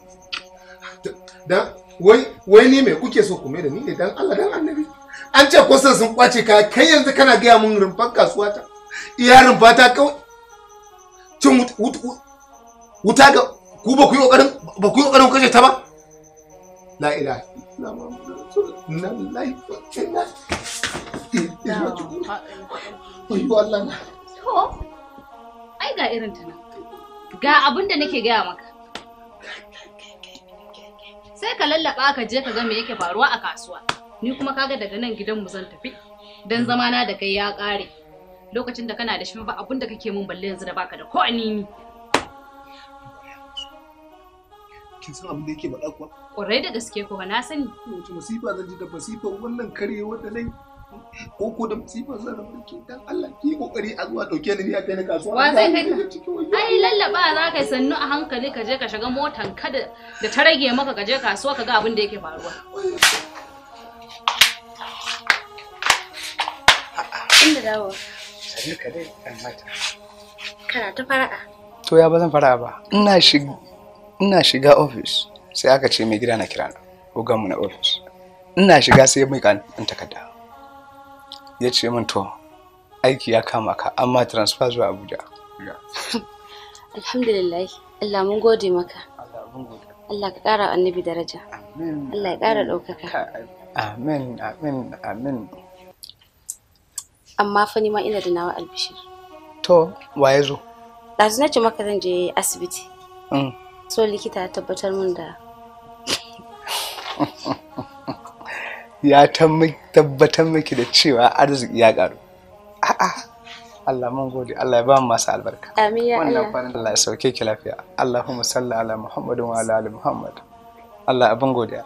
da wai wai ni me kuke so ku me da ni ne dan Allah dan annabi an ce ko san sun kwace ka kai yanzu kana gaya mun rumfar kasuwa ta iya rumfa ta kawai cin wuta ga ku ba ku yi kokarin ba ku yi kokarin kashe ta ba la ilaha illallah Allah na ai ga irin ta Ga abin da nake gaya maka. Sai ka lallaba ka je ka ga me yake faruwa a kasuwa. Ni kuma kaga daga nan gidanmu zan tafi. Dan zama na da kai ya ƙare. Lokacin da kana da shi ba abin da kake mun balle yanzu da baka da ko anini. Kin san abin da yake faɗa kuwa? Ƙwarai da gaske kuwa na sani. Wace masifa zan ji da masifa wannan kare wanda nai ko ko da zan zarar mulki dan Allah ki kokari a zuwa dauke ni ya kai ni kasuwa wa zai kai ai lallaba za ka sannu a hankali ka je ka shiga motan kada da ta rage maka ka je kasuwa ka ga abin da yake faruwa inda dawo sannu ka dai kan mata kana ta fara'a to ya ba zan fara'a ba ina shiga ina shiga office sai aka ce mai gida na kira na ogan mu na office ina shiga sai mai kan takarda ya ce min to aiki ya kama ka amma transfer zuwa abuja alhamdulillah allah mun gode maka allah ka kara annabi daraja allah ya kara ɗaukaka amin amin amin amma fa ma ina da nawa albishir to waye zo ɗazu na ce maka zan je asibiti mm. so likita ya tabbatar mun da ya tabbatar miki da cewa arziki ya karu a'a Allah mun gode Allah ya ba mu masu albarka amin ya Allah wannan farin Allah ya sauke ki lafiya Allahumma salli ala Muhammadin wa ala ali Muhammad Allah abin godiya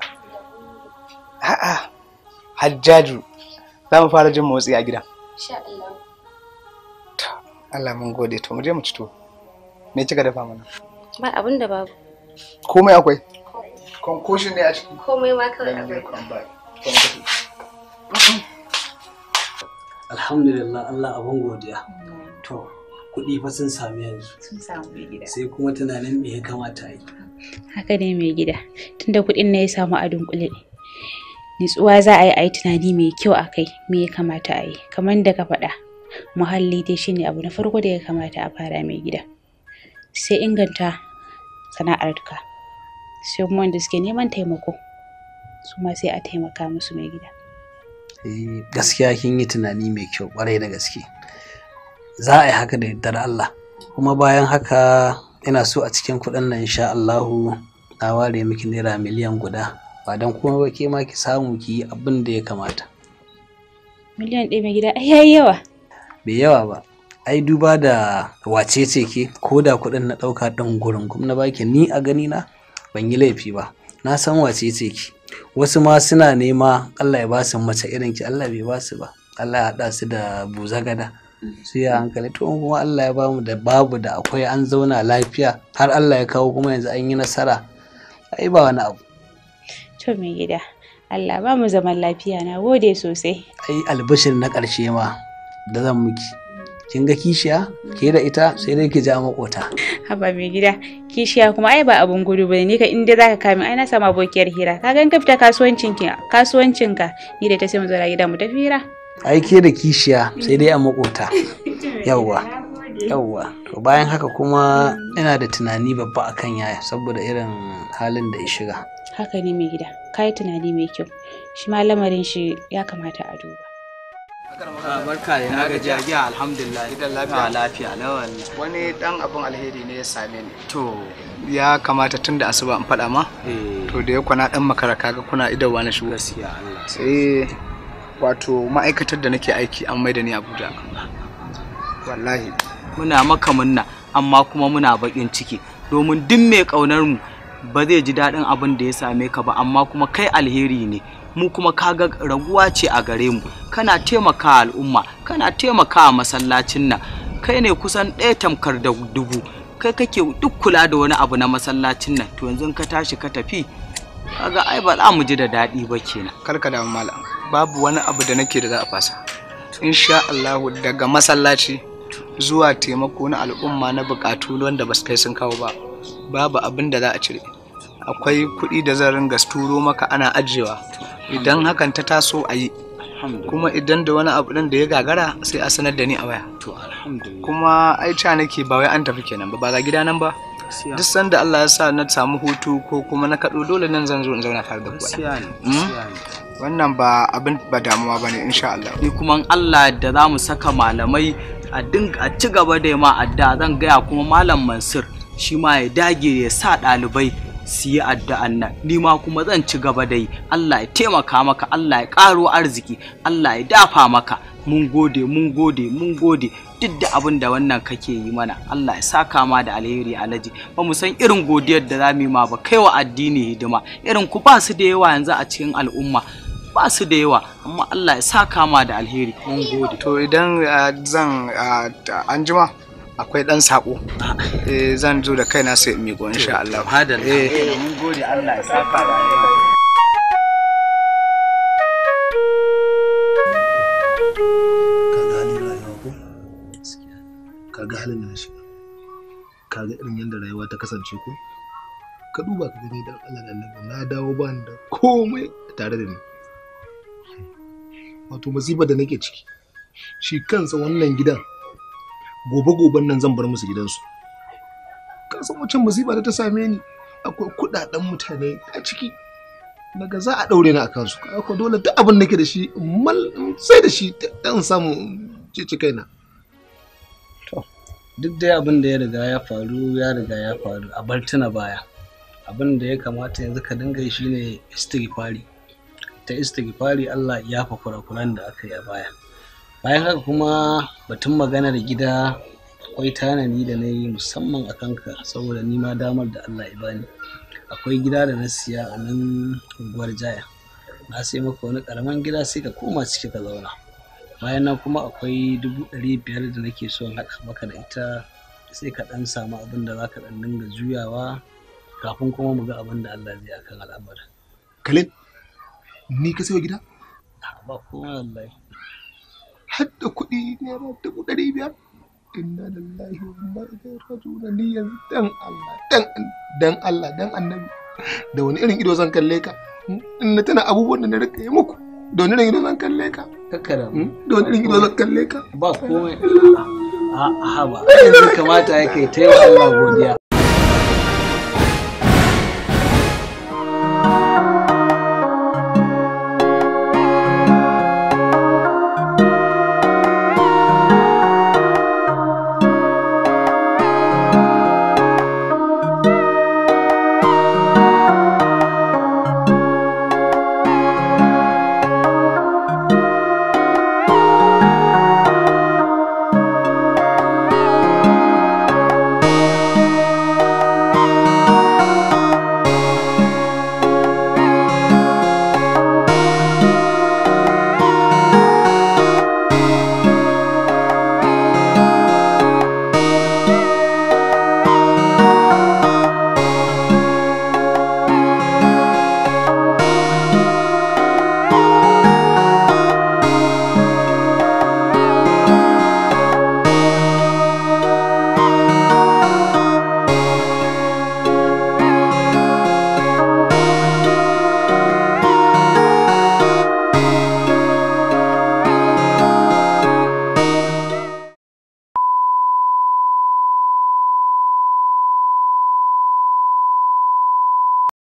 a'a Hajjaju za mu fara jin motsi a gidan insha Allah Allah mun gode to mu je mu ci to me kika dafa mana ba abin da babu komai akwai kon ne a ciki komai ma kawai akwai Alhamdulillah Allah abin godiya. To, kuɗi fa sun sami yanzu. Sun gida. Sai kuma tunanin me ya kamata yi. Haka ne mai gida, tunda kuɗin na ya samu a dunkule. Nitsuwa za a yi a yi tunani mai kyau a kai me ya kamata a yi, kamar da ka faɗa. Muhalli dai shine abu na farko da ya kamata a fara mai gida. Sai inganta sana'arka, sai kuma wanda suke neman taimako. su ma sai a taimaka musu mai gida eh, gaskiya kin yi tunani mai kyau kwarai da gaske za a yi haka da yardar Allah kuma bayan haka ina so a cikin kuɗin nan insha Allahu na ware miki naira miliyan guda ba don kuma ba ke ma ki samu ki yi abin da ya kamata miliyan ɗaya mai gida ai yayi yawa bai yawa ba ai duba da wace ce ke ko da kuɗin na ɗauka ɗin gurin kuma na baki ni a gani na ban yi laifi ba na san wace ce ke. wasu ma suna nema Allah ya ba su mace irin ki Allah bai ba su ba Allah ya haɗa su da buzagada su ya hankali to kuma Allah ya ba mu da babu da akwai an zauna lafiya har Allah ya kawo kuma yanzu an yi nasara ai ba wani abu to mai gida Allah ba mu zaman lafiya na gode sosai ai albishir na ƙarshe ma da zan muki. kin ga kishiya ke da ita sai dai ki ja makota haba mai gida kishiya kuma ai ba abun gudu bane ni ka in zaka kame ai na sama abokiyar hira ka ga ka fita kasuwancin ki kasuwancin ka ni da ta sai mu zo gida mu tafi hira ai ke da kishiya sai dai a makota yawwa yawwa to bayan haka kuma yana da tunani babba akan yaya saboda irin halin da ya shiga haka ne mai gida kai tunani mai kyau shi ma lamarin shi ya kamata a duba Ah, barka da na gaji a alhamdulillah idan lafiya ah, lafiya lawan wani dan alheri ne ya same ni to ya kamata tun da asuba in faɗa ma eh. to da yau kwana dan makara kaga kuna idawa na shigo gaskiya Allah eh, wato ma'aikatar da nake aiki an maida ni Abuja wallahi muna maka munna amma kuma muna bakin ciki domin duk mai kaunar mu ba zai ji daɗin abin da ya same ka ba amma kuma kai alheri ne mu kuma kaga raguwa ce a gare mu kana taimaka al'umma kana taimaka masallacin nan kai ne kusan ɗaya tamkar da dubu kai kake duk kula da wani abu na masallacin nan to yanzu ka tashi ka tafi kaga ai ba za mu ji da daɗi ba kenan karka da malam babu wani abu da nake da za a fasa insha Allah daga masallaci zuwa taimako na al'umma na bukatu wanda ba su kai sun kawo ba babu abin da za a cire akwai kuɗi da zan ringa turo maka ana ajiyewa idan hakan ta taso a yi kuma idan da wani abu ɗin da ya gagara sai a sanar da ni a waya kuma ai ca nake ba wai an tafi kenan ba ba ga gida nan ba duk sanda Allah ya sa na samu hutu ko kuma na kaɗo dole nan zan zo in zauna tare da ku hmm? wannan ba abin ba damuwa bane insha Allah ni kuma Allah da za mu saka malamai a dinga a ci gaba da ma adda zan gaya kuma malam Mansur shi ma ya dage ya sa ɗalibai su yi addu'an nan ni ma kuma zan ci gaba da yi Allah ya taimaka maka Allah ya ƙaro arziki Allah ya dafa maka mun gode mun gode mun gode duk da abin da wannan kake yi mana Allah ya saka ma da alheri alaji ba mu san irin godiyar da zamu yi ma ba kai wa addini hidima irin ku ba su da yawa yanzu a cikin al'umma ba su da yawa amma Allah ya saka ma da alheri mun gode to idan ah, zan ah, anjima akwai dan sako ah. eh zan zo da kaina sai mi go insha Allah hadalla eh. Eh, eh mun gode Allah ya saka da kaga halin da shi kaga irin yadda rayuwa ta kasance ko ka duba ka gani dan Allah na dawo ba ni da komai tare da ni wato masiba da nake ciki shi kansa wannan gidan gobe goben nan zan bar musu gidansu ka san wacce musiba da ta same ni akwai kudaden mutane a ciki daga za a daure ni a kansu ko dole duk abin nake da shi mal sai da shi dan samu cici kaina duk dai abin da ya riga ya faru ya riga ya faru a bar tuna baya abin da ya kamata yanzu ka dinga shi ne istighfari ta istighfari Allah ya fa kurakuran da aka yi a baya bayan haka kuma batun maganar gida akwai tanani da na yi musamman a kanka saboda ni ma damar da Allah ya bani akwai gida da na siya a nan unguwar jaya na sai maka wani karamin gida sai ka koma ciki ka zauna bayan nan kuma akwai dubu ɗari biyar da nake son haɗa maka da ita sai ka ɗan samu abin da za ka ɗan dinga juyawa kafin kuma mu ga abin da Allah zai akan al'amarin. Khalid, ni ka sayo gida? Ba komai wallahi. har da kuɗi naira dubu ɗari biyar inna lillahi wa inna ilaihi raji'un ni yanzu dan Allah dan dan Allah dan annabi da wani irin ido zan kalle ka in na tana abubuwan da na rika yi muku da wani irin ido zan kalle ka kakkara hmm? da wani irin ido zan kalle ka ba komai a ba kamata ya kai taiwa Allah godiya